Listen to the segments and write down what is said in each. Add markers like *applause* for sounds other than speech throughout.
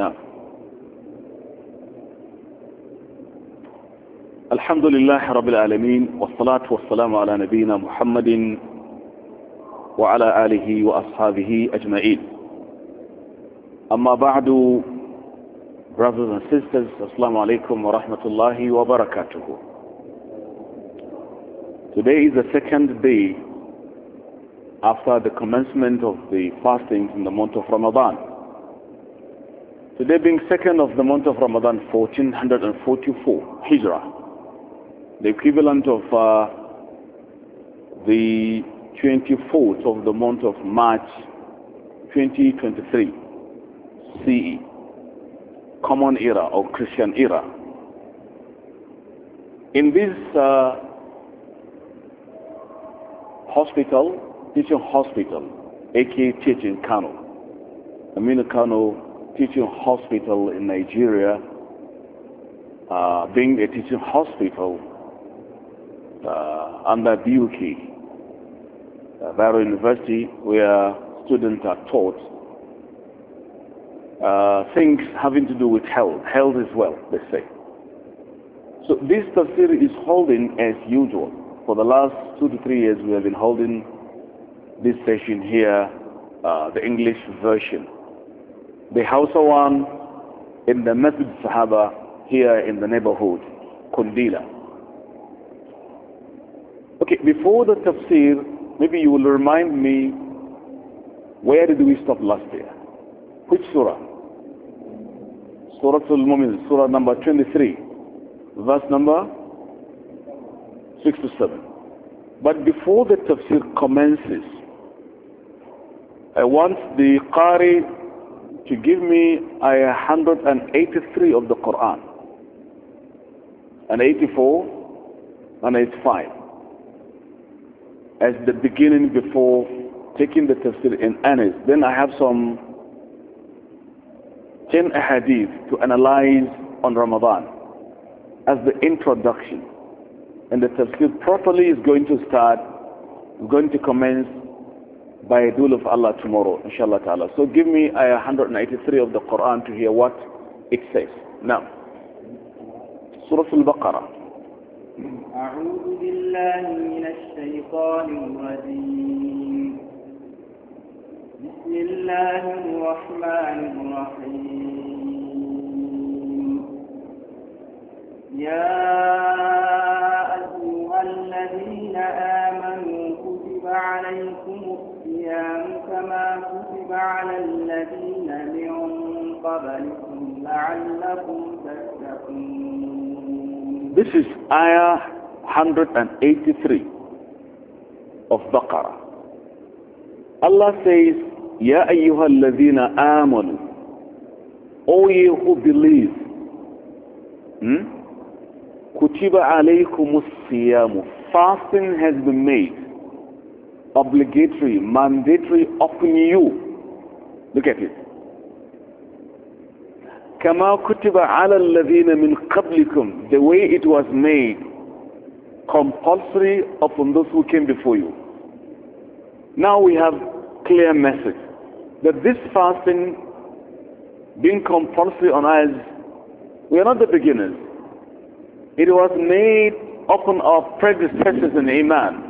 نعم الحمد لله رب العالمين والصلاة والسلام على نبينا محمد وعلى آله وأصحابه أجمعين أما بعد brothers and sisters Assalamu alaikum wa rahmatullahi wa barakatuhu Today is the second day after the commencement of the fasting in the month of Ramadan Today being second of the month of Ramadan, 1444 Hijrah, the equivalent of uh, the 24th of the month of March 2023 CE, Common Era or Christian Era. In this uh, hospital, teaching hospital, aka teaching Kano, Aminu Kano teaching hospital in Nigeria, uh, being a teaching hospital uh, under BUK, uh, Barrow University, where students are taught uh, things having to do with health, health as well, they say. So this tafsir is holding as usual. For the last two to three years, we have been holding this session here, uh, the English version the Hausa one in the Masjid Sahaba here in the neighborhood, Kundila. Okay, before the tafsir, maybe you will remind me where did we stop last year? Which surah? Surah Al-Mumin, surah number 23, verse number 6 to 7. But before the tafsir commences, I want the Qari to give me ayah 183 of the Quran, and 84, and 85, as the beginning before taking the tafsir in earnest. Then I have some 10 ahadith to analyze on Ramadan as the introduction. And the tafsir properly is going to start, going to commence by a dole of Allah tomorrow, inshallah ta'ala. So give me ayah 193 of the Quran to hear what it says. Now, Surah Al-Baqarah. أعوذ بالله من الشيطان الرجيم بسم الله الرحمن الرحيم يا أيها الذين آمنوا كتب عليكم الصيام كما كتب على الذين من قبلكم لعلكم تتقون This is ayah 183 of Baqarah. Allah says, يا أيها الذين آمنوا O ye who believe, hmm? كتب alaykumus الصيام Fasting has been made obligatory, mandatory upon you. Look at it. كما كتب على الذين من قبلكم the way it was made compulsory upon those who came before you now we have clear message that this fasting being compulsory on us we are not the beginners it was made upon our predecessors in iman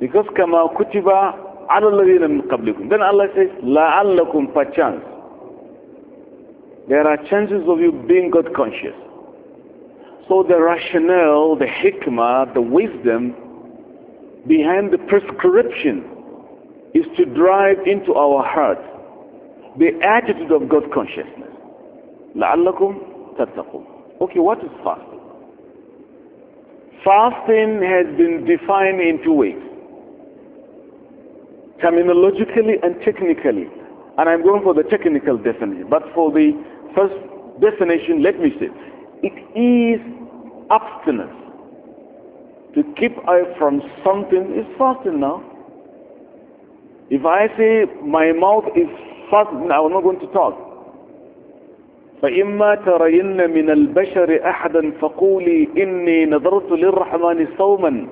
because kama kutiba alalladhina min qablikum. Then Allah says, la'allakum perchance. There are chances of you being God conscious. So the rationale, the hikmah, the wisdom behind the prescription is to drive into our heart the attitude of God consciousness. allakum تَتَّقُونَ Okay, what is fasting? Fasting has been defined in two ways terminologically and technically. And I'm going for the technical definition. But for the first definition, let me say, it is abstinence. To keep away from something is fasting now. If I say my mouth is fasting, I'm not going to talk. فإما ترين من البشر أحدا فقولي إني نظرت للرحمن صوما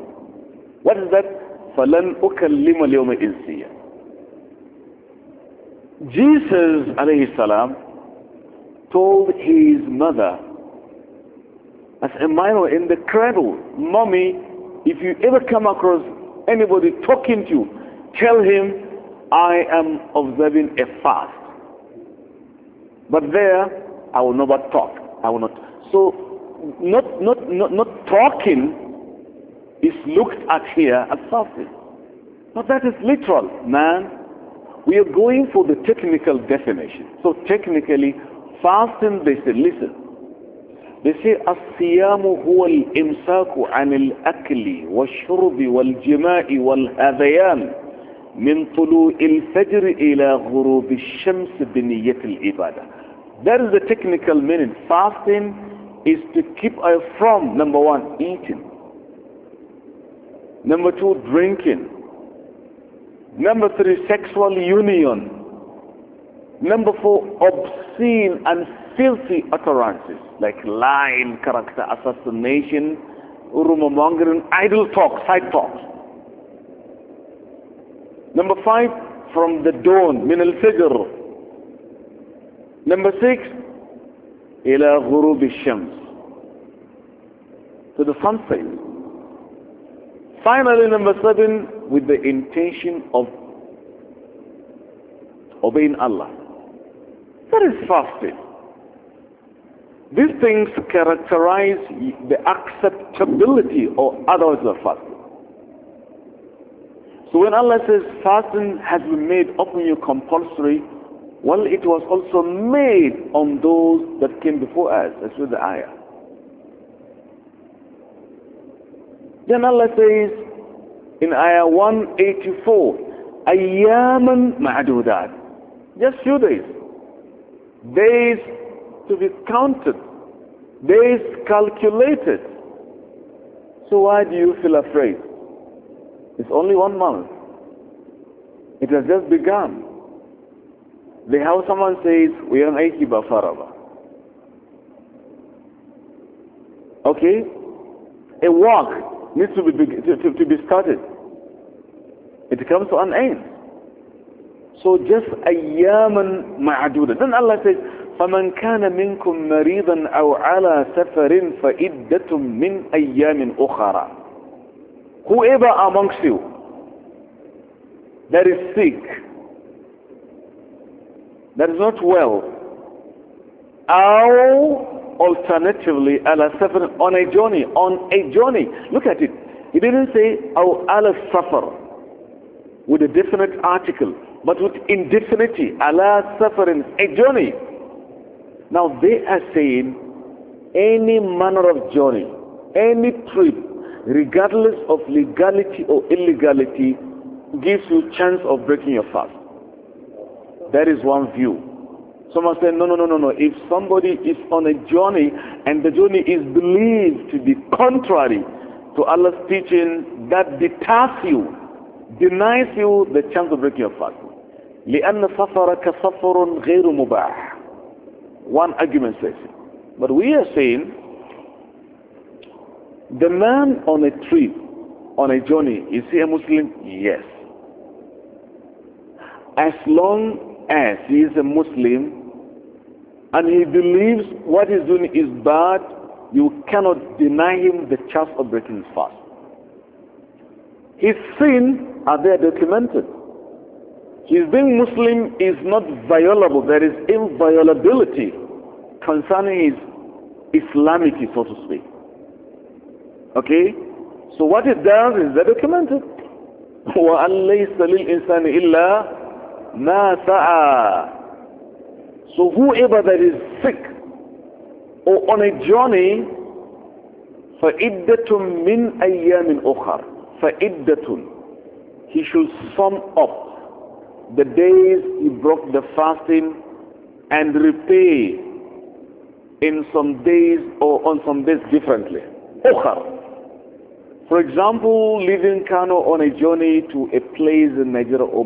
What is that falan ukallima al insiya Jesus alayhi salam told his mother as a minor in the cradle, Mommy, if you ever come across anybody talking to you, tell him I am observing a fast. But there, I will never talk. I will not. So, not, not, not, not talking is looked at here as fasting. But that is literal, man. We are going for the technical definition. So technically, fasting, they say, listen. They say, الصيام هو الإمساك عن الأكل والشرب والجماع والهذيان من طلوع الفجر إلى غروب الشمس بنية العبادة. That is the technical meaning. Fasting is to keep away from, number one, eating. Number two, drinking. Number three, sexual union. Number four, obscene and filthy utterances like lying, character assassination, rumor mongering, idle talk, side talk. Number five, from the dawn, min al fajr. Number six, ila ghurub shams to the sunset. Finally, number seven, with the intention of obeying Allah. That is fasting. These things characterize the acceptability or others of fasting. So when Allah says fasting has been made upon you compulsory, well, it was also made on those that came before us. That's with the ayah. Then Allah says in Ayah 184, Ayyaman ma'adudat. Just few days. Days to be counted. Days calculated. So why do you feel afraid? It's only one month. It has just begun. The how someone says, we are aiki bafaraba. Okay? A walk needs to be, to, to, to be started. It comes to an end. So just a أياما معدودة. Then Allah says, فمن كان منكم مريضا أو على سفر فإدة من أيام أخرى. Whoever amongst you that is sick, that is not well, أو alternatively ala safar on a journey, on a journey. Look at it. He didn't say aw oh, ala safar with a definite article, but with indefinity, ala safarin, a journey. Now they are saying any manner of journey, any trip, regardless of legality or illegality, gives you chance of breaking your fast. That is one view. Someone said, no, no, no, no, no. If somebody is on a journey and the journey is believed to be contrary to Allah's teaching, that deters you, denies you the chance of breaking your fast. لأن سفرك سفر غير مباح. One argument says it. But we are saying the man on a trip, on a journey, is he a Muslim? Yes. As long as he is a Muslim and he believes what he's doing is bad, you cannot deny him the chance of breaking his fast. His sins are there documented. His being Muslim is not violable. There is inviolability concerning his Islamity, so to speak. Okay? So what it does is that documented. وَأَنْ لَيْسَ لِلْإِنسَانِ إِلَّا ma sa'a. So whoever that is sick or on a journey, فَإِدَّةٌ مِّنْ أَيَّامٍ أُخَرٍ فَإِدَّةٌ He should sum up the days he broke the fasting and repay in some days or on some days differently. أُخَرٍ For example, leaving Kano on a journey to a place in Nigeria or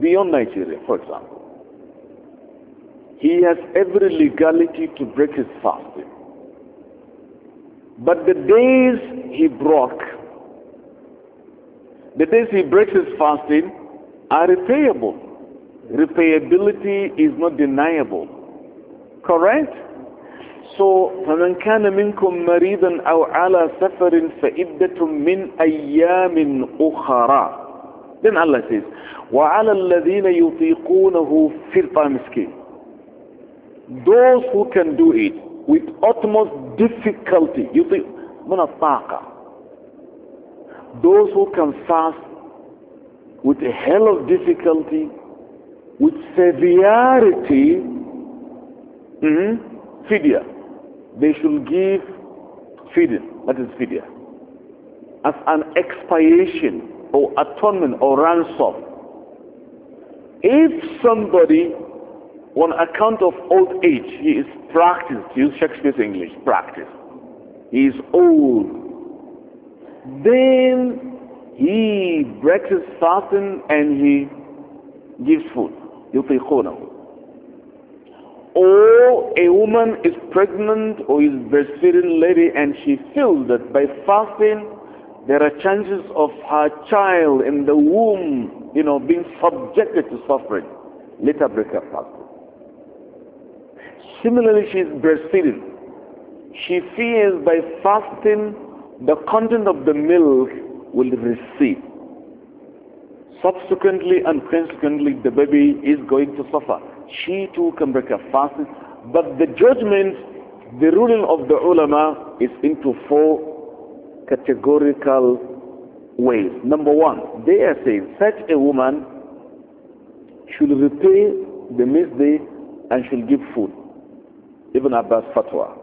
beyond Nigeria, for example. He has every legality to break his fasting. But the days he broke, the days he breaks his fasting are repayable. Repayability is not deniable. Correct? So, فَمَنْ كَانَ مِنْكُمْ مَرِيضًا أَوْ عَلَى سَفَرٍ فَإِدَّةٌ مِنْ أَيَّامٍ أُخَرَى then Allah says, وَعَلَى الَّذِينَ يُطِيقُونَهُ فِي مِسْكِينَ Those who can do it with utmost difficulty, يطيق من الطاقة Those who can fast with a hell of difficulty, with severity, mm -hmm, fidya. They should give fidya, that is fidya, as an expiation or atonement or ransom. If somebody, on account of old age, he is practiced, use Shakespeare's English, practiced, he is old, then he breaks his fasting and he gives food. يطيقونه or a woman is pregnant or is breastfeeding lady and she feels that by fasting there are chances of her child in the womb, you know, being subjected to suffering. Let her break her fast. Similarly, she is breastfeeding. She fears by fasting the content of the milk will recede. Subsequently and consequently, the baby is going to suffer. She too can break her fast. But the judgment, the ruling of the ulama is into four categorical ways. Number one, they are saying such a woman should repay the misdeed and should give food. Ibn Abbas fatwa.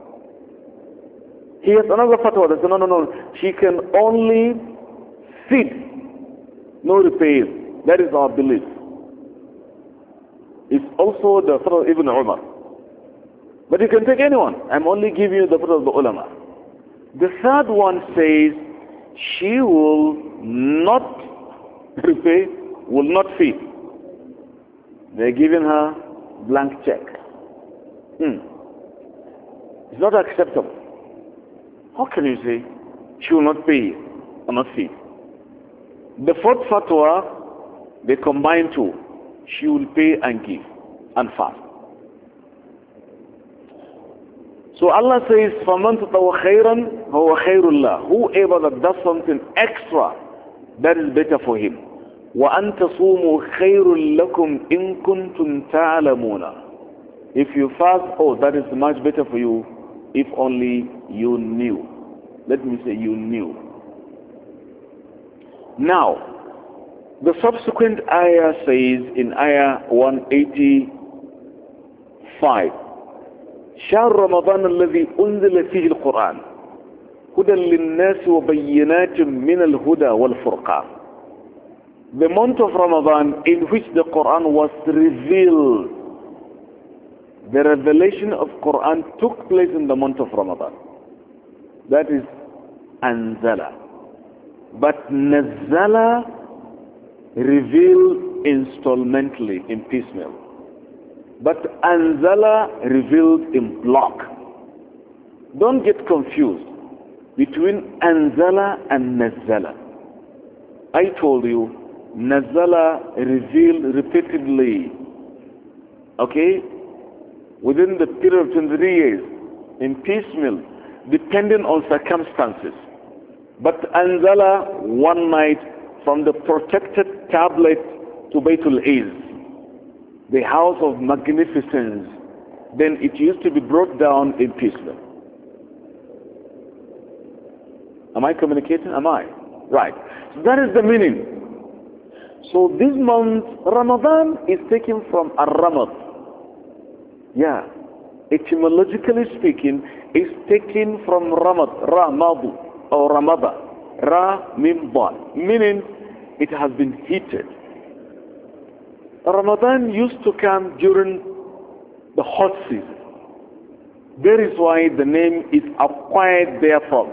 He has another fatwa that says, no, no, no, she can only feed, no repay. That is our belief. It's also the fatwa of Ibn Umar. But you can take anyone. I'm only giving you the fatwa of the ulama. The third one says, she will not repay, will not feed. They're giving her blank check. Hmm. It's not acceptable. How can you say she will not pay or not feed? The fourth fatwa, they combine two. She will pay and give and fast. So Allah says, فَمَنْ تَطَوَ خَيْرًا فَهُوَ خَيْرُ اللَّهِ Whoever that does something extra, that is better for him. وَأَنْ تَصُومُوا خَيْرٌ لَكُمْ إِن كُنْتُمْ تَعْلَمُونَ If you fast, oh, that is much better for you if only you knew. Let me say you knew. Now, the subsequent ayah says in ayah 185, شهر رمضان الذي أنزل فيه القرآن هدى للناس وبينات من الهدى والفرقان The month of Ramadan in which the Quran was revealed The revelation of Quran took place in the month of Ramadan That is Anzala But Nazala revealed installmentally in piecemeal But Anzala revealed in block. Don't get confused between Anzala and Nazala. I told you, Nazala revealed repeatedly, okay, within the period of 23 years, in piecemeal, depending on circumstances. But Anzala, one night, from the protected tablet to Baitul is the house of magnificence, then it used to be brought down in pieces. Am I communicating? Am I? Right. So that is the meaning. So this month, Ramadan is taken from Ar-Ramad. Yeah. Etymologically speaking, it's taken from Ramad, Ramadu, or Ramada, Ra-Mim-Ba, meaning it has been heated. Ramadan used to come during the hot season. That is why the name is acquired therefrom.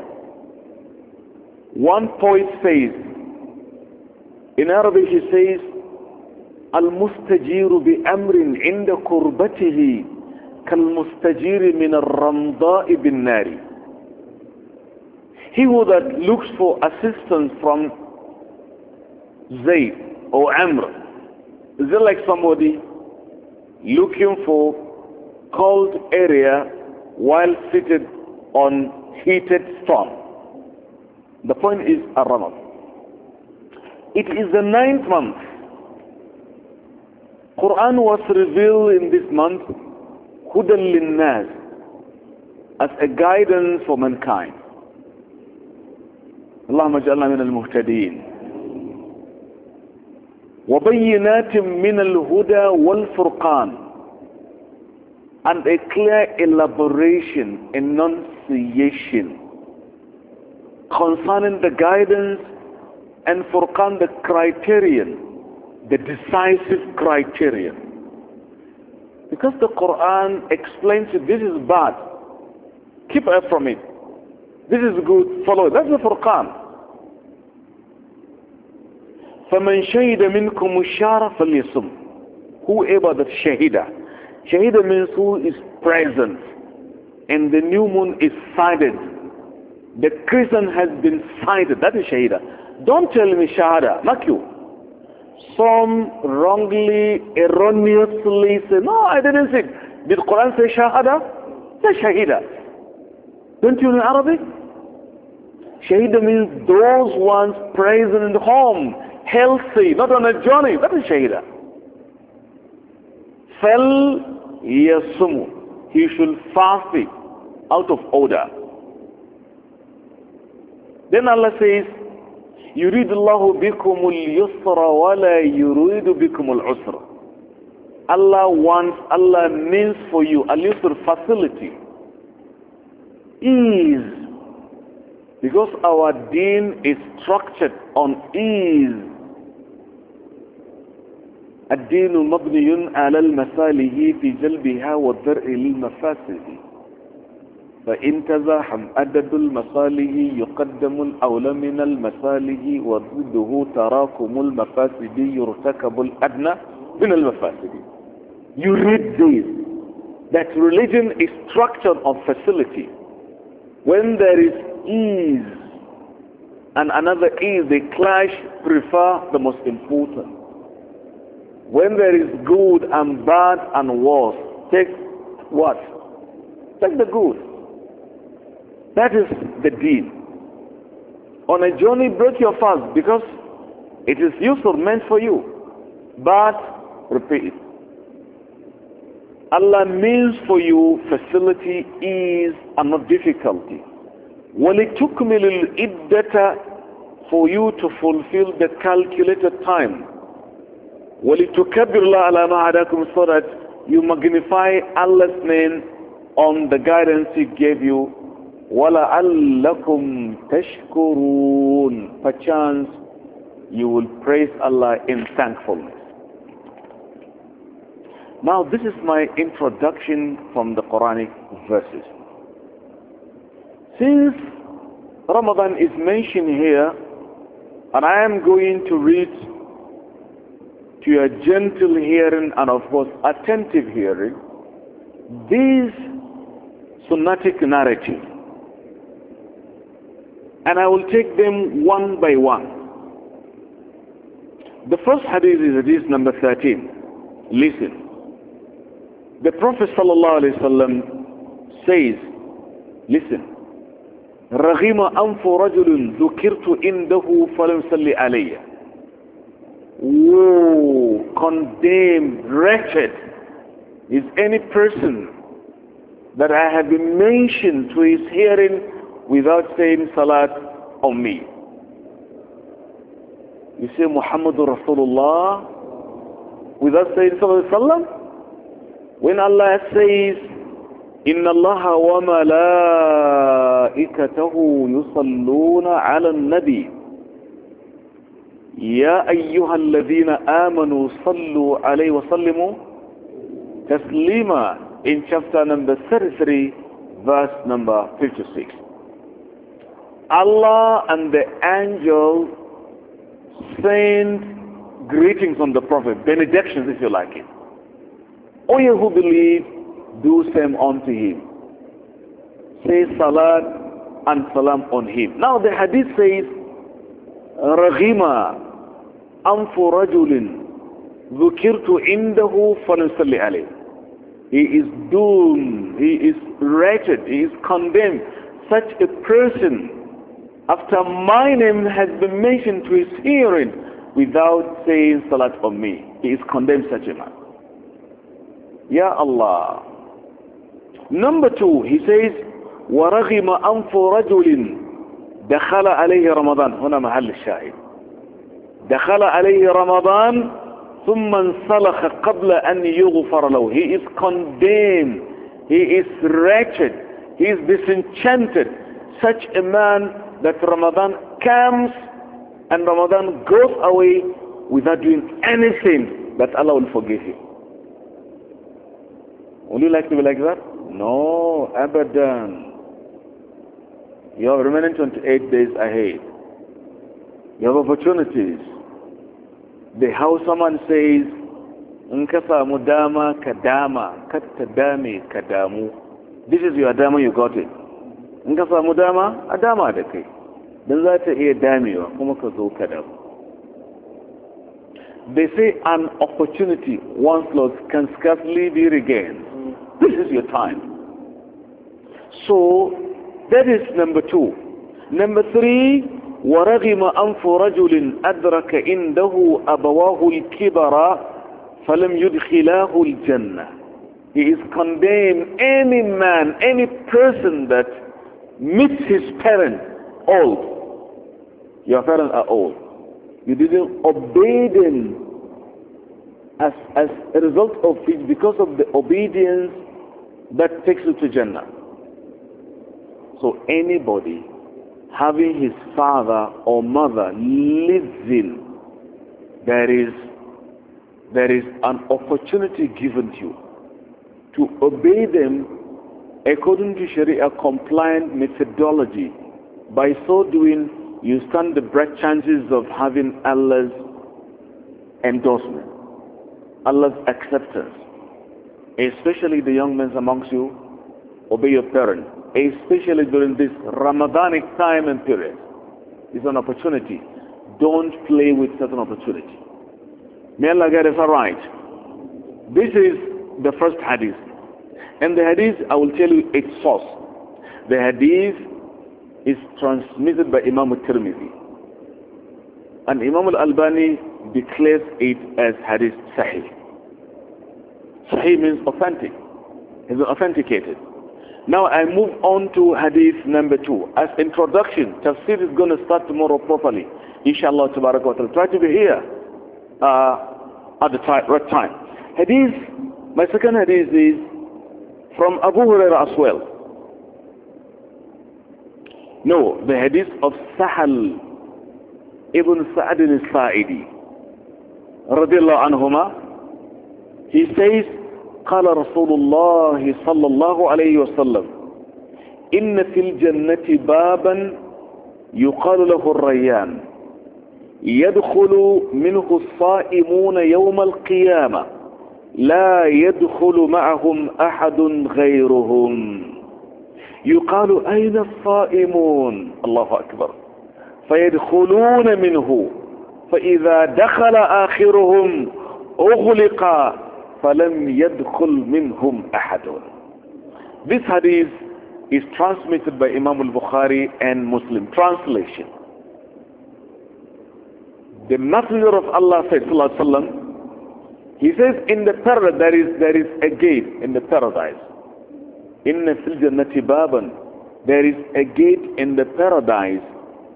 One poet says, in Arabic he says, المستجير بأمر عند min كالمستجير من الرمضاء بالنار He who that looks for assistance from Zayd or Amr is it like somebody looking for cold area while seated on heated stone? The point is Ar-Ramad. It is the ninth month. Quran was revealed in this month هدى as a guidance for mankind اللهم اجعلنا من المهتدين وَبَيِّنَاتٍ مِّنَ الْهُدَى وَالْفُرْقَانِ And a clear elaboration, enunciation concerning the guidance and Furqan the criterion, the decisive criterion. Because the Quran explains it, this is bad, keep away from it. This is good, follow it. That's the Furqan. فمن شهد منكم الشهر فليصم whoever that shahida shahida means who is present and the new moon is sighted the crescent has been sighted that is shahida don't tell me shahada not you some wrongly erroneously say no I didn't see did Quran say shahada say shahida don't you know Arabic shahida means those ones present in the home healthy, not on a journey. That is shahida. Fell yasumu. He should fast it out of order. Then Allah says, يريد الله بكم اليسر ولا يريد بكم العسر. Allah wants, Allah means for you, a little facility, ease. Because our deen is structured on ease. الدين مبني على المثاله في جلبها والدرء للمفاسد فإن تزاحم أدد المصالح يقدم الأولى من المصالح وضده تراكم المفاسد يرتكب الأدنى من المفاسد You read this that religion is structured on facility when there is ease and another ease they clash prefer the most important When there is good and bad and worse, take what? Take the good. That is the deed. On a journey, break your fast because it is useful, meant for you. But, repeat Allah means for you facility, ease, and not difficulty. it took me little, bit better For you to fulfill the calculated time. وَلِتُكَبِّرُ اللَّهَ عَلَى مَا هَدَاكُمْ So that you magnify Allah's name on the guidance He gave you. وَلَعَلَّكُمْ تَشْكُرُونَ Perchance you will praise Allah in thankfulness. Now this is my introduction from the Quranic verses. Since Ramadan is mentioned here, and I am going to read to your gentle hearing and of course attentive hearing these sonatic narrative and I will take them one by one the first hadith is hadith number 13 listen the Prophet ﷺ says listen رغم أنف رجل ذكرت عنده فلم صلي عليه who condemned, wretched is any person that I have been mentioned to his hearing without saying salat on me. You say Muhammad Rasulullah without saying salat, salam? When Allah says, إن الله وملائكته يصلون على النبي يا أيها الذين آمنوا صلوا عليه وسلموا تسليما in chapter number 33 verse number 56 Allah and the angel send greetings on the prophet benedictions if you like it all you who believe do same unto him say salat and salam on him now the hadith says رغم أنف رجل ذكرت عنده فلنصلي عليه He is doomed, he is wretched, he is condemned. Such a person, after my name has been mentioned to his hearing, without saying salat on me, he is condemned such a man. Ya Allah. Number two, he says, ورغم أنف رجل دخل عليه رمضان هنا محل الشاهد دخل عليه رمضان ثم انسلخ قبل أن يغفر له he is condemned he is wretched he is disenchanted such a man that Ramadan comes and Ramadan goes away without doing anything that Allah will forgive him would you like to be like that? no abadan you have remaining 28 days ahead you have opportunities the hausa man says in ka samu dama ka dama katta dame ka damu this is your dama you got it in ka samu dama a dama da kai don za ta iya damewa kuma ka zo ka damu they say an opportunity once lost can scarcely be regained this is your time so that is number two number three ورغم أنف رجل أدرك عنده أبواه الكبرى فلم يدخلاه الجنة He is condemned any man, any person that meets his parent old. Your parents are old. You didn't obey them as, as a result of it because of the obedience that takes you to Jannah. So anybody having his father or mother living, there is, there is an opportunity given to you to obey them according to Sharia compliant methodology. By so doing, you stand the bright chances of having Allah's endorsement, Allah's acceptance. Especially the young men amongst you, obey your parents especially during this Ramadanic time and period, is an opportunity. Don't play with certain opportunity. May Allah guide us all right. This is the first hadith. And the hadith, I will tell you its source. The hadith is transmitted by Imam al-Tirmidhi. And Imam al-Albani declares it as hadith sahih. Sahih means authentic. It's authenticated. Now I move on to hadith number two. As introduction, tafsir is going to start tomorrow properly. Inshallah, tabarak wa ta'ala. Try to be here uh, at the right time. Hadith, my second hadith is from Abu Hurairah as well. No, the hadith of Sahal ibn Sa'adin al-Sa'idi. Radiallahu anhuma. He says, قال رسول الله صلى الله عليه وسلم إن في الجنة بابا يقال له الريان يدخل منه الصائمون يوم القيامة لا يدخل معهم أحد غيرهم يقال أين الصائمون الله أكبر فيدخلون منه فإذا دخل آخرهم أغلق فَلَمْ يَدْخُلْ مِنْهُمْ أَحَدٌ This hadith is transmitted by Imam al-Bukhari and Muslim. Translation. The Messenger of Allah said, he says, in the paradise there is, there is a gate in the paradise. In the jannati baban. There is a gate in the paradise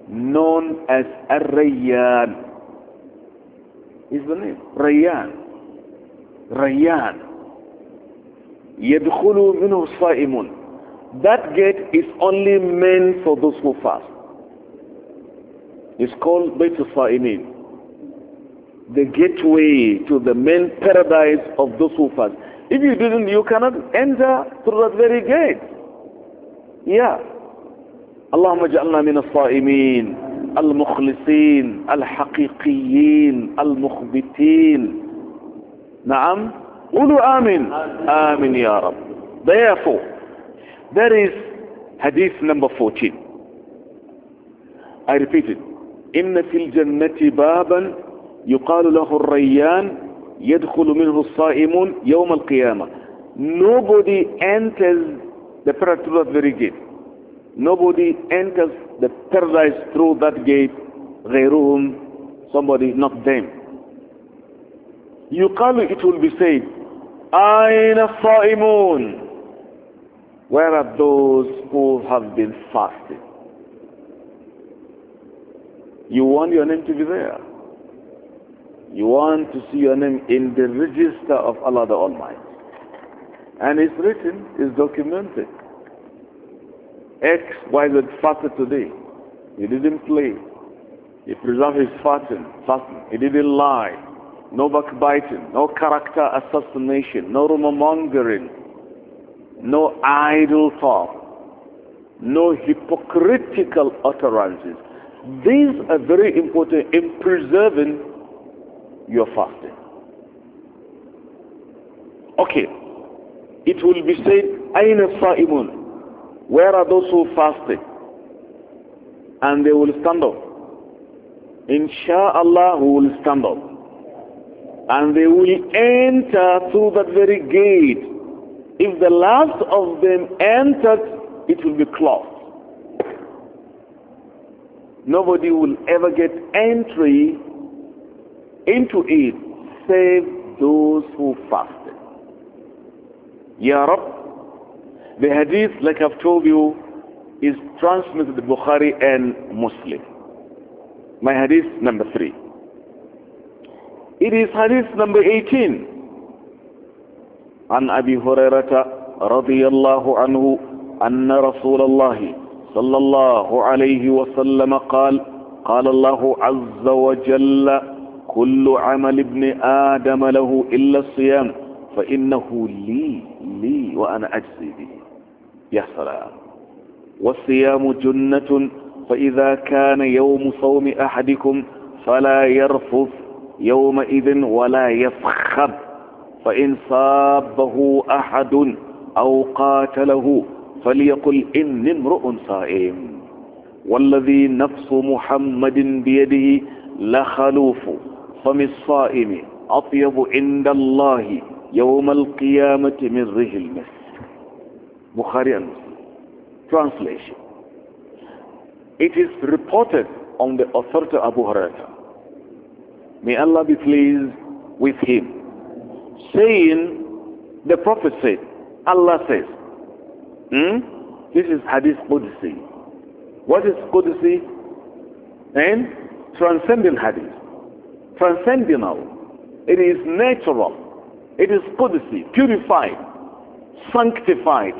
known as Ar-Rayyan. Is the name, Rayyan. ريان يدخل منه الصائمون That gate is only meant for those who fast. It's called بيت الصائمين The gateway to the main paradise of those who fast. If you didn't, you cannot enter through that very gate. Yeah. اللهم اجعلنا من الصائمين المخلصين الحقيقيين المخبتين نعم قولوا آمين آمين يا رب Therefore, there is hadith number 14. I repeat it. إن في الجنة بابا يقال له الريان يدخل منه الصائمون يوم القيامة. Nobody enters the paradise through that very gate. Nobody enters the paradise through that gate غيرهم somebody not them come. it will be said أين الصائمون where are those who have been fasting you want your name to be there you want to see your name in the register of Allah the Almighty and it's written it's documented X, Y, Z fasted today he didn't play he preserved his fasting fasting he didn't lie no backbiting, no character assassination, no rumor mongering, no idle talk, no hypocritical utterances. These are very important in preserving your fasting. Okay, it will be said, Aina Sa'imun, where are those who fasted? And they will stand up. Insha'Allah, who will stand up and they will enter through that very gate. If the last of them enters, it will be closed. Nobody will ever get entry into it save those who fasted. Ya Rab, the hadith, like I've told you, is transmitted Bukhari and Muslim. My hadith number three. It is hadith number 18. عن أبي هريرة رضي الله عنه أن رسول الله صلى الله عليه وسلم قال قال الله عز وجل كل عمل ابن آدم له إلا الصيام فإنه لي لي وأنا أجزي به يا سلام والصيام جنة فإذا كان يوم صوم أحدكم فلا يرفث يومئذ ولا يفخر فإن صابه أحد أو قاتله فليقل إن امرؤ صائم والذي نفس محمد بيده لخلوف فم الصائم أطيب عند الله يوم القيامة من رجل المسك بخاري Translation It is reported on the authority Abu Hurairah May Allah be pleased with him. Saying, the Prophet said, Allah says, hmm? this is Hadith Qudsi. What is Qudsi? And transcendent Hadith. Transcendental. It is natural. It is Qudsi, purified, sanctified,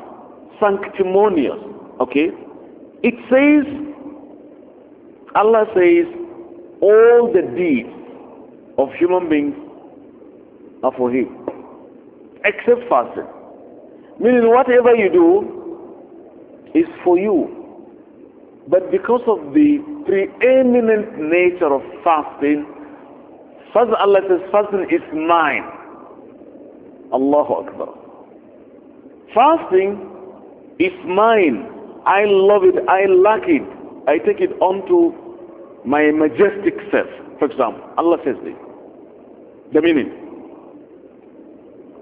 sanctimonious. Okay? It says, Allah says, all the deeds of human beings are for him except fasting meaning whatever you do is for you but because of the preeminent nature of fasting First Allah says fasting is mine Allahu Akbar fasting is mine I love it I like it I take it onto my majestic self for example, Allah says this. The meaning.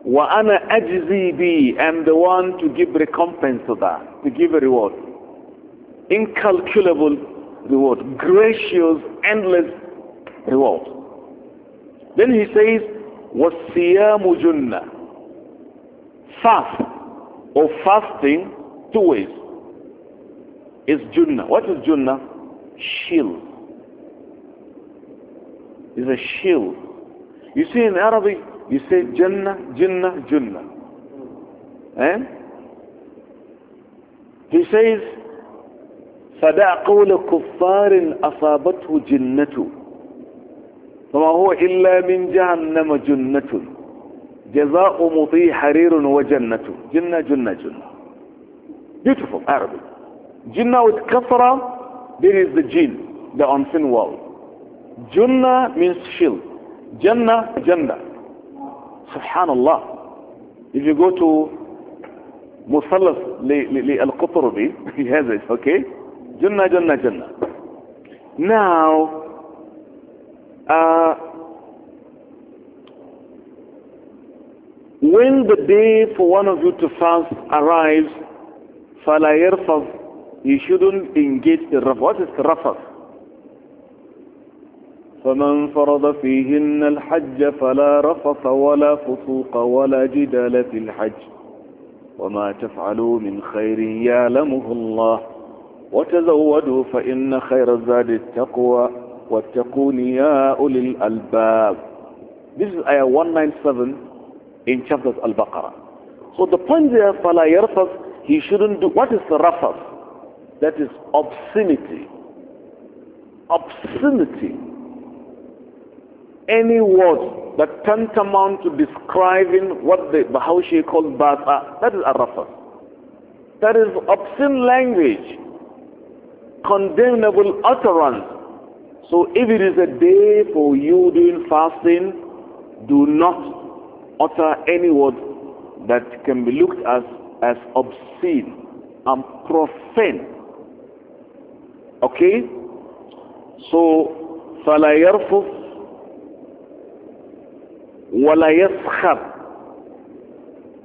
ana ajzi bi." بِي I'm the one to give recompense to that, to give a reward. Incalculable reward. Gracious, endless reward. Then he says, وَالصِّيَامُ جُنَّةً Fast or fasting, two ways. Is junna? What is junna? Shield is a shield. You see in Arabic, you say Jannah, Jannah, Jannah. And eh? he says, فدع قول كفار أصابته جنة فَمَا هو إلا من جهنم جنة جزاء مطي حرير وجنة جنة جنة جنة beautiful Arabic jinnah with kasra there is the jinn the unseen world Junnah means shield. Jannah, Jannah. Subhanallah. If you go to Al للقطربي *laughs* he has it okay جنة jannah, jannah. now uh, when the day for one of you to fast arrives فلا يرفض You shouldn't engage in rafas what is rafas فمن فرض فيهن الحج فلا رفث ولا فسوق ولا جدال في الحج وما تفعلوا من خير يعلمه الله وتزودوا فإن خير الزاد التقوى واتقون يا أولي الألباب This is ayah 197 in chapter Al-Baqarah. So the point there, فَلَا يَرْفَث He shouldn't do, what is the rafath? That is obscenity. Obscenity. any word that tantamount to describing what the Bahaushe calls Basa, that is Arafat. That is obscene language, condemnable utterance. So if it is a day for you doing fasting, do not utter any word that can be looked as, as obscene and profane. Okay? So, فَلَا يَرْفُثْ Wala yaskhab.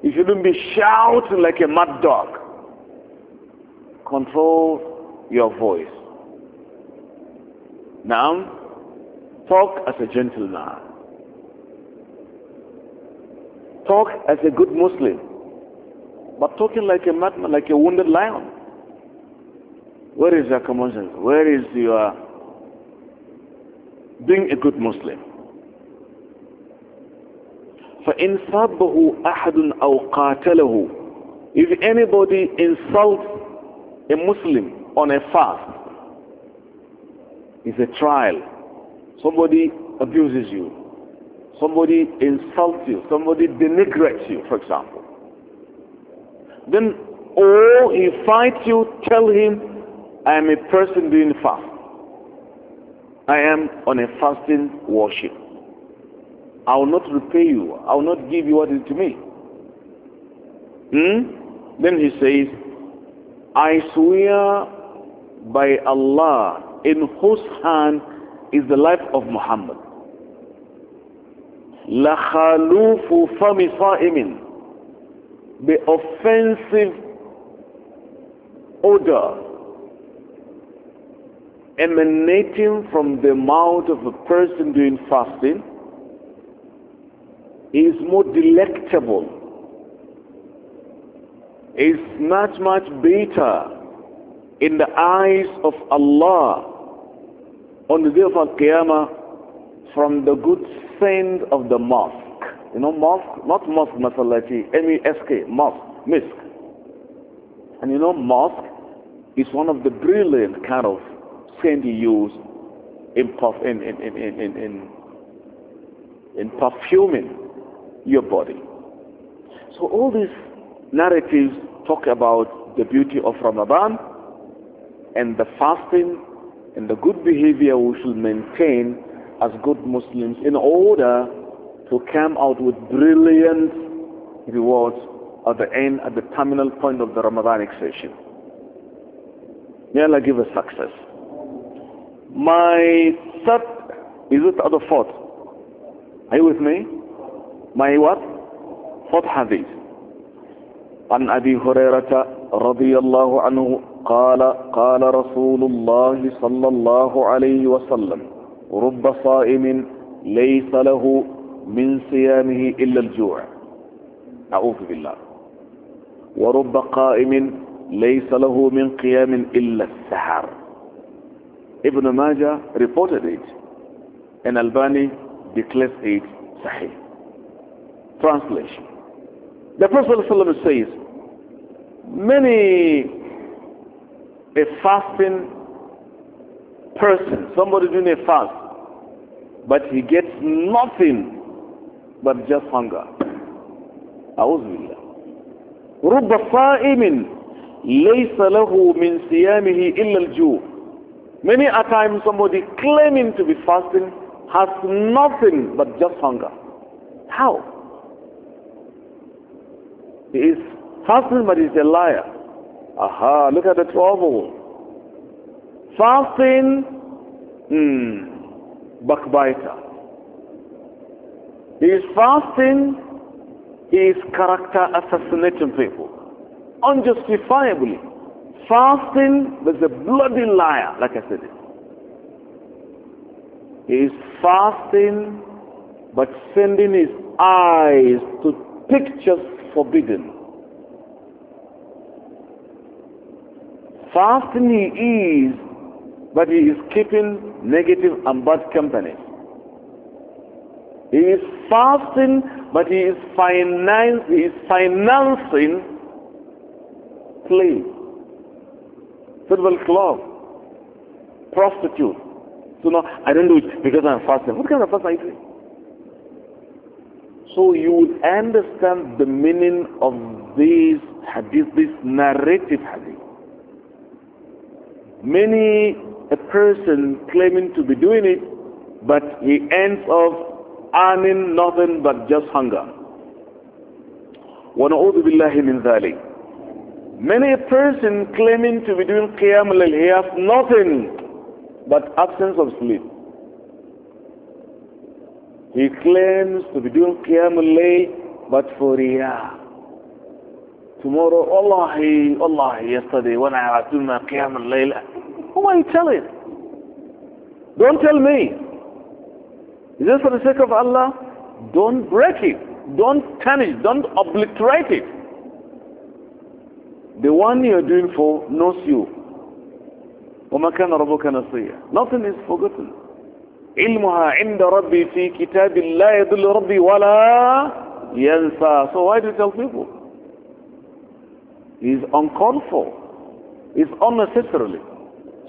You shouldn't be shouting like a mad dog. Control your voice. Now, talk as a gentleman. Talk as a good Muslim. But talking like a madman, like a wounded lion. Where is your common Where is your being a good Muslim? فَإِنْ صَبَّهُ أَحَدٌ أَوْ قَاتَلَهُ If anybody insults a Muslim on a fast, it's a trial. Somebody abuses you. Somebody insults you. Somebody denigrates you, for example. Then, or oh, he fights you, tell him, I am a person doing fast. I am on a fasting worship. I will not repay you. I will not give you what is to me. Hmm? Then he says, I swear by Allah in whose hand is the life of Muhammad. لَخَالُوفُ فَمِ صَائِمٍ The offensive odor emanating from the mouth of a person doing fasting is more delectable, is much, much better in the eyes of Allah on the day of Al-Qiyamah from the good scent of the mosque. You know mosque? Not mosque masalati, M-E-S-K, mosque, misk. And you know mosque is one of the brilliant kind of scent you use in, in, in, in, in, in, in perfuming your body. So all these narratives talk about the beauty of Ramadan and the fasting and the good behavior we should maintain as good Muslims in order to come out with brilliant rewards at the end, at the terminal point of the Ramadanic session. May Allah give us success. My third, is it other fourth? Are you with me? my what? Fourth hadith. عن أبي هريرة رضي الله عنه قال قال رسول الله صلى الله عليه وسلم رب صائم ليس له من صيامه إلا الجوع أعوذ بالله ورب قائم ليس له من قيام إلا السحر Ibn Majah reported it and Albani declares it صحيح translation. The Prophet ﷺ says, many a fasting person, somebody doing a fast, but he gets nothing but just hunger. أعوذ بالله رب صائم ليس له من صيامه إلا الجوع Many a time somebody claiming to be fasting has nothing but just hunger. How? He is fasting, but he's a liar. Aha, look at the trouble. Fasting, hmm, backbiter. He is fasting, he is character assassinating people. Unjustifiably. Fasting is a bloody liar, like I said. He is fasting, but sending his eyes to pictures forbidden. Fasting he is, but he is keeping negative and bad company. He is fasting, but he is, finance, he is financing play, football club, prostitute. So now I don't do it because I'm fasting. What kind of fast are you doing? So you will understand the meaning of this hadith, this narrative hadith. Many a person claiming to be doing it, but he ends up earning nothing but just hunger. وَنَعُوذُ بِاللَّهِ مِنْ zali. Many a person claiming to be doing qiyam al he has nothing but absence of sleep. He claims to be doing Qiyam al but for Riyah. Tomorrow, Allah, Allah, yesterday when I was doing my Qiyam al who are you telling? Don't tell me. Is this for the sake of Allah? Don't break it. Don't tarnish. Don't obliterate it. The one you're doing for knows you. وما كان ربك نصيا. Nothing is forgotten. علمها عند ربي في كتاب لا يضل ربي ولا ينسى so why do you tell people it's uncalled for it's unnecessarily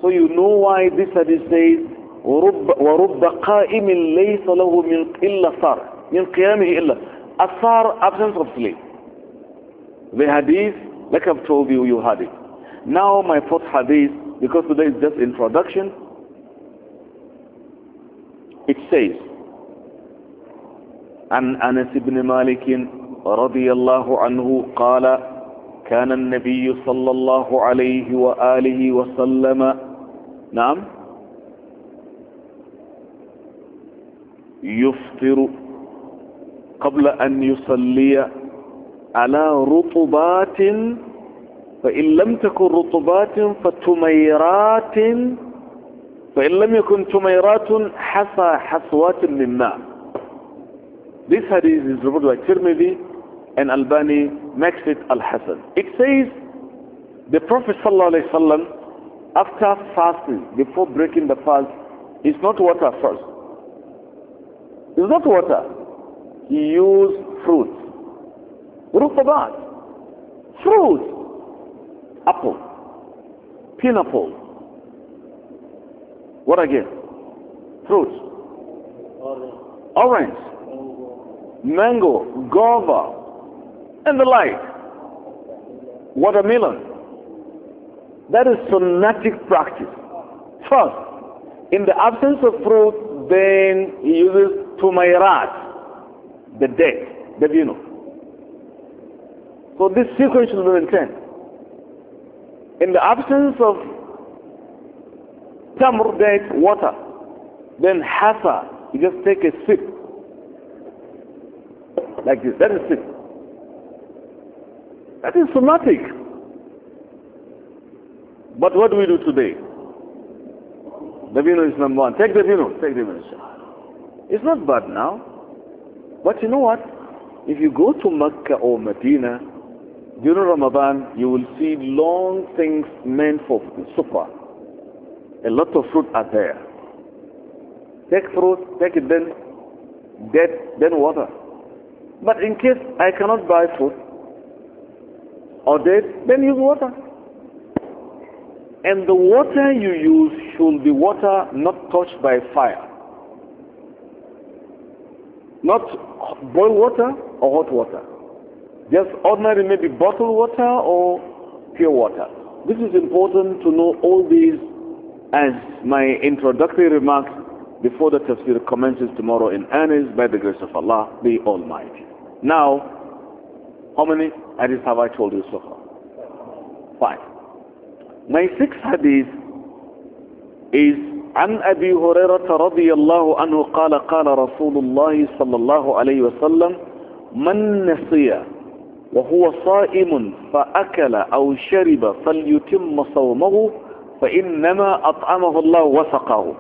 so you know why this hadith says ورب, ورب قائم ليس له من إلا صار من قيامه إلا الصار absence of sleep the hadith like I've told you you had it now my fourth hadith because today is just introduction It says, عن أنس بن مالك رضي الله عنه قال كان النبي صلى الله عليه وآله وسلم نعم يفطر قبل أن يصلي على رطبات فإن لم تكن رطبات فتميرات فإن لم يكن تميرات حصى حصوات من ماء This hadith is reported by Tirmidhi and Albani makes it Al-Hasan. It says the Prophet sallallahu after fasting, before breaking the fast, is not water first. It's not water. He used fruit. Rufabat. Fruit. Apple. Pineapple. What again? Fruits. Orange. Mango. Guava. And the like. Watermelon. That is sunnatic practice. First, in the absence of fruit, then he uses tumairat, the dead, the vino. So this sequence should be maintained. In the absence of Tamr, date, water. Then hasa, you just take a sip. Like this, that is sip. That is somatic. But what do we do today? The vino is number one. Take the vino. Take the vino. It's not bad now. But you know what? If you go to Mecca or Medina, during Ramadan, you will see long things meant for supper. A lot of fruit are there. Take fruit, take it then, dead, then water. But in case I cannot buy fruit or dead, then use water. And the water you use should be water not touched by fire. Not boiled water or hot water. Just ordinary maybe bottled water or pure water. This is important to know all these as my introductory remarks before the tafsir commences tomorrow in earnest by the grace of Allah, the Almighty. Now, how many hadiths have I told you so far? Five. My sixth hadith is عن أبي هريرة رضي الله عنه قال قال رسول الله صلى الله عليه وسلم من نسي وهو صائم فأكل أو شرب فليتم صومه فإنما أطعمه الله وسقه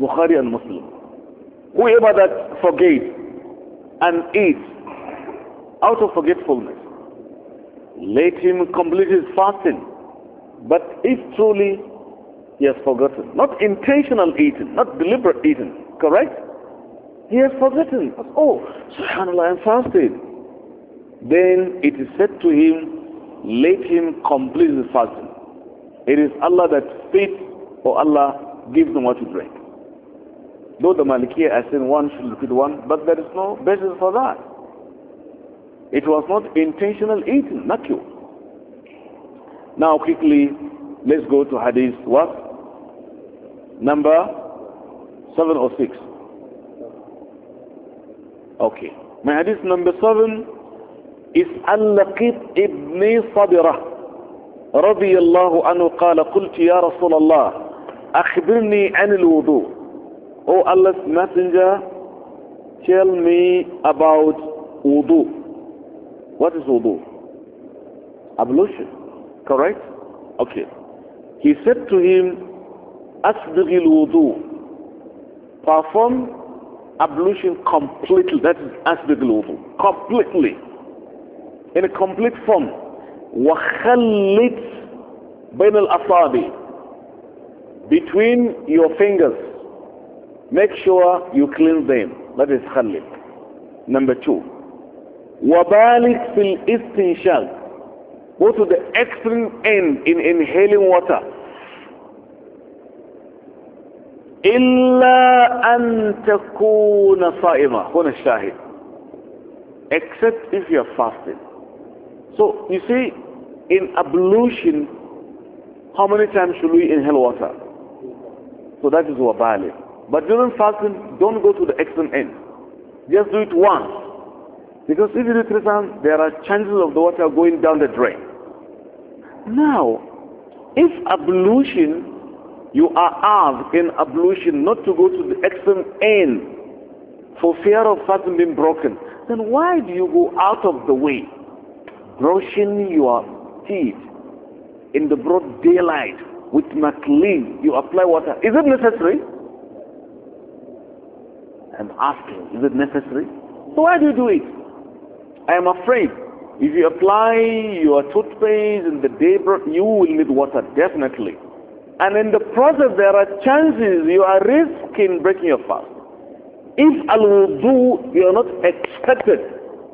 Bukhari and Muslim whoever that forgave and eats out of forgetfulness let him complete his fasting but if truly he has forgotten not intentional eating not deliberate eating correct he has forgotten oh subhanallah I'm fasting then it is said to him let him complete his fasting it is Allah that feeds or Allah gives them what to drink. Though the Malikiyah has said one should feed one, but there is no basis for that. It was not intentional eating, not you. Now quickly, let's go to Hadith what? Number 7 or 6. Okay. My Hadith number 7 is Al-Laqit ibn Sabirah. رضي الله عنه قال قلت يا رسول الله أخبرني عن الوضوء Oh Allah's messenger tell me about وضوء what is وضوء ablution correct okay he said to him asbigh الوضوء perform ablution completely that is asbigh الوضوء completely in a complete form وخلط بين الأصابع between your fingers make sure you clean them that is خلط number two وبالك في الاستنشاق go to the extreme end in inhaling water إلا أن تكون صائمة هنا الشاهد except if you are fasting So you see, in ablution, how many times should we inhale water? So that is wabali. But during fasting, don't go to the extreme end. Just do it once. Because if you do three times, there are chances of the water going down the drain. Now, if ablution, you are asked in ablution not to go to the extreme end for fear of fasting being broken, then why do you go out of the way? brushing your teeth in the broad daylight with McLean, you apply water. Is it necessary? I'm asking, is it necessary? So why do you do it? I am afraid if you apply your toothpaste in the day, you will need water, definitely. And in the process, there are chances you are risking breaking your fast. If al-wudu, you are not expected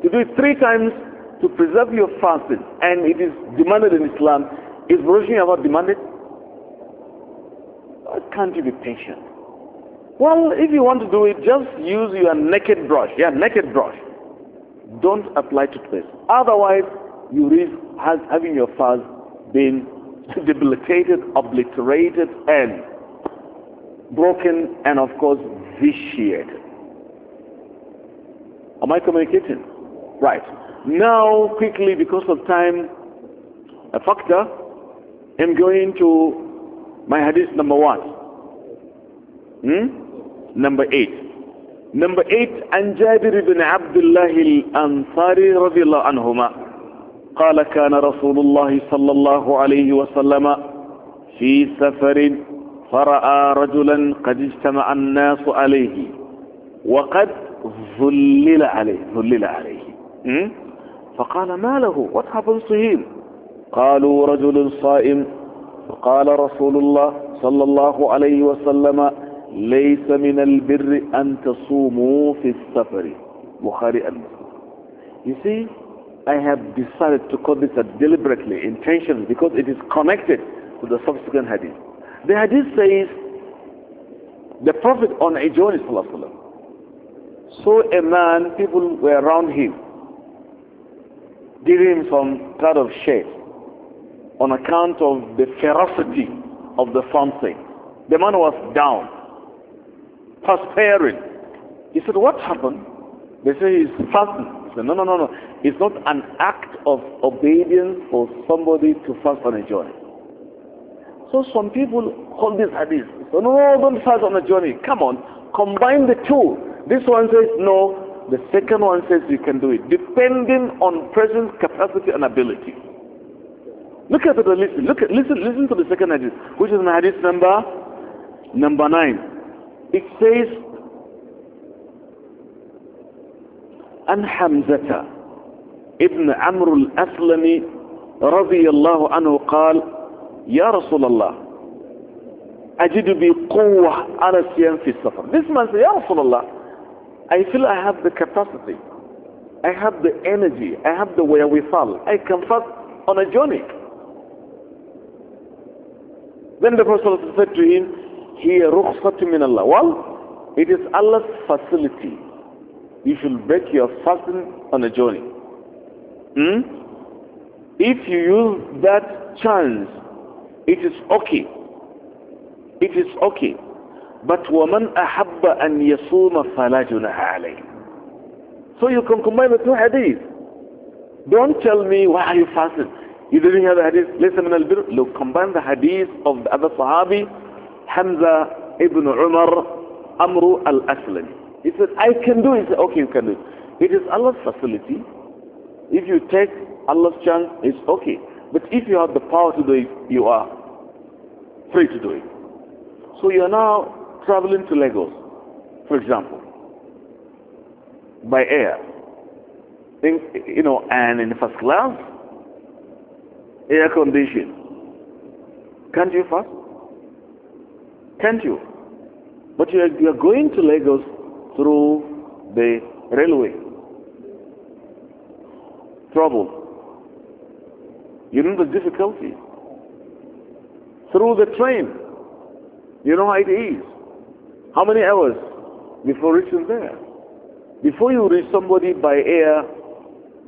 to do it three times to preserve your fasting, and it is demanded in Islam, is Rosh ever demanded? Why can't you be patient? Well, if you want to do it, just use your naked brush. Yeah, naked brush. Don't apply toothpaste. Otherwise, you risk having your fast being *laughs* debilitated, obliterated, and broken, and of course, vitiated. Am I communicating? Right. Now, quickly, because of time, a factor, I'm going to my hadith number one. Hmm? Number eight. Number eight, عن جابر بن عبد الله الأنصاري رضي الله عنهما قال كان رسول الله صلى الله عليه وسلم في سفر فرأى رجلا قد اجتمع الناس عليه وقد ظلل عليه ظلل عليه hmm? فقال ما له واتحف happens قالوا رجل صائم فقال رسول الله صلى الله عليه وسلم ليس من البر أن تصوموا في السفر بخاري المسلم You see, I have decided to call this a deliberately, intentionally, because it is connected to the subsequent hadith. The hadith says, the Prophet on a journey, saw a man, people were around him, give him some kind of shape on account of the ferocity of the something. The man was down, perspiring. He said, what happened? They say he's fasting. He said, no, no, no, no. It's not an act of obedience for somebody to fast on a journey. So some people hold this hadith. So, no, no, don't fast on a journey. Come on, combine the two. This one says, no, the second one says you can do it depending on person's capacity and ability. Look at the listen. Look at listen. Listen to the second hadith, which is in hadith number number nine. It says, "An Hamzata ibn Amr al-Aslami رضي الله عنه قال يا رسول الله أجد بقوة على في السفر. This man says, "Ya Rasulullah." I feel I have the capacity, I have the energy, I have the wherewithal. I can fast on a journey. Then the Prophet said to him, Here rukhsatu min Allah. Well, it is Allah's facility. You should break your fasting on a journey. Hmm? If you use that chance, it is okay. It is okay. But وَمَنْ أَحَبَّ أَنْ يَصُومَ فَلَا جُنَهَ عَلَيْهِ So you can combine the two hadiths. Don't tell me why you fasted. You didn't hear the hadith. Listen من البر. Look, combine the hadith of the other Sahabi, Hamza ibn Umar Amru al-Aslami. He said, I can do it. He said, okay, you can do it. It is Allah's facility. If you take Allah's chance, it's okay. But if you have the power to do it, you are free to do it. So you are now traveling to Lagos, for example, by air, in, you know, and in first class, air condition, can't you fast? Can't you? But you are, you are going to Lagos through the railway. Trouble. You know the difficulty. Through the train. You know how it is. How many hours before reaching there? Before you reach somebody by air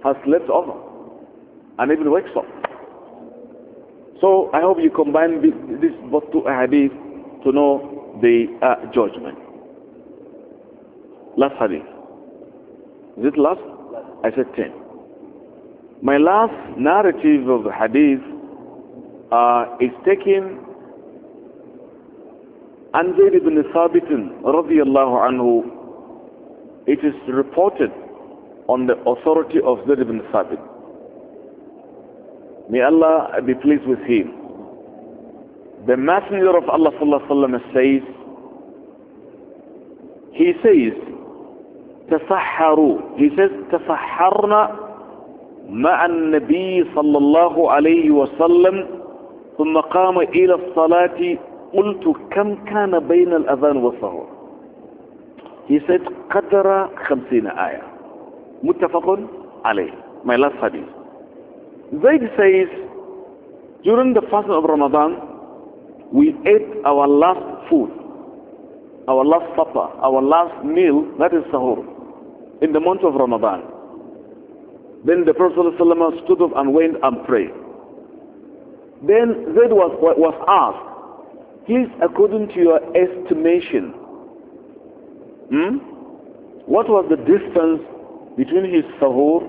has slept over and even wakes up. So I hope you combine this both two hadith to know the uh, judgment. Last hadith. Is it last? I said 10. My last narrative of the hadith uh, is taken عن زيد بن ثابت رضي الله عنه it is reported on the authority of Zayd ibn Thabit may Allah be pleased with him the messenger of Allah sallallahu alaihi wasallam says he says تسحروا he says تسحرنا مع النبي صلى الله عليه وسلم ثم قام إلى الصلاة قلت كم كان بين الأذان والسهور he said قدر خمسين آية متفق عليه my last hadith Zayd says during the fast of Ramadan we ate our last food our last supper our last meal that is sahur in the month of Ramadan then the Prophet ﷺ stood up and went and prayed then Zayd was, was asked is, according to your estimation, hmm, what was the distance between his sahur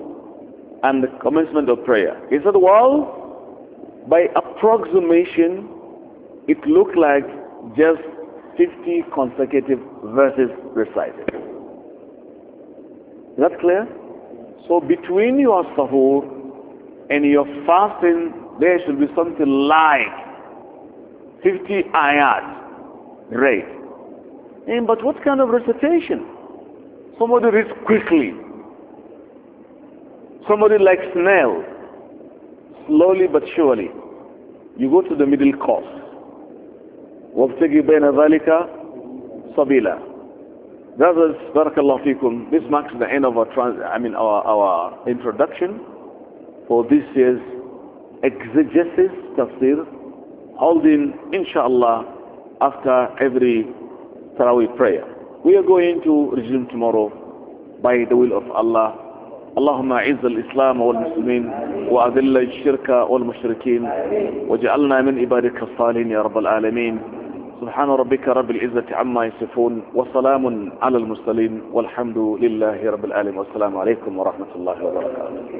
and the commencement of prayer? He said, well, by approximation, it looked like just 50 consecutive verses recited. Is that clear? So between your sahur and your fasting, there should be something like 50 ayat great. And but what kind of recitation? Somebody reads quickly. Somebody like snail, slowly but surely. You go to the middle course. وابتغي بين ذلك sabila. Brothers, barakallahu fikum. This marks the end of our, trans I mean, our, our introduction for this year's exegesis tafsir holding, inshallah, after every tarawih prayer. We are going to resume tomorrow by the will of Allah. اللهم اعز الاسلام والمسلمين واذل الشرك والمشركين واجعلنا من عبادك الصالحين يا رب العالمين سبحان ربك رب العزه عما يصفون وسلام على المرسلين والحمد لله رب العالمين والسلام عليكم ورحمه الله وبركاته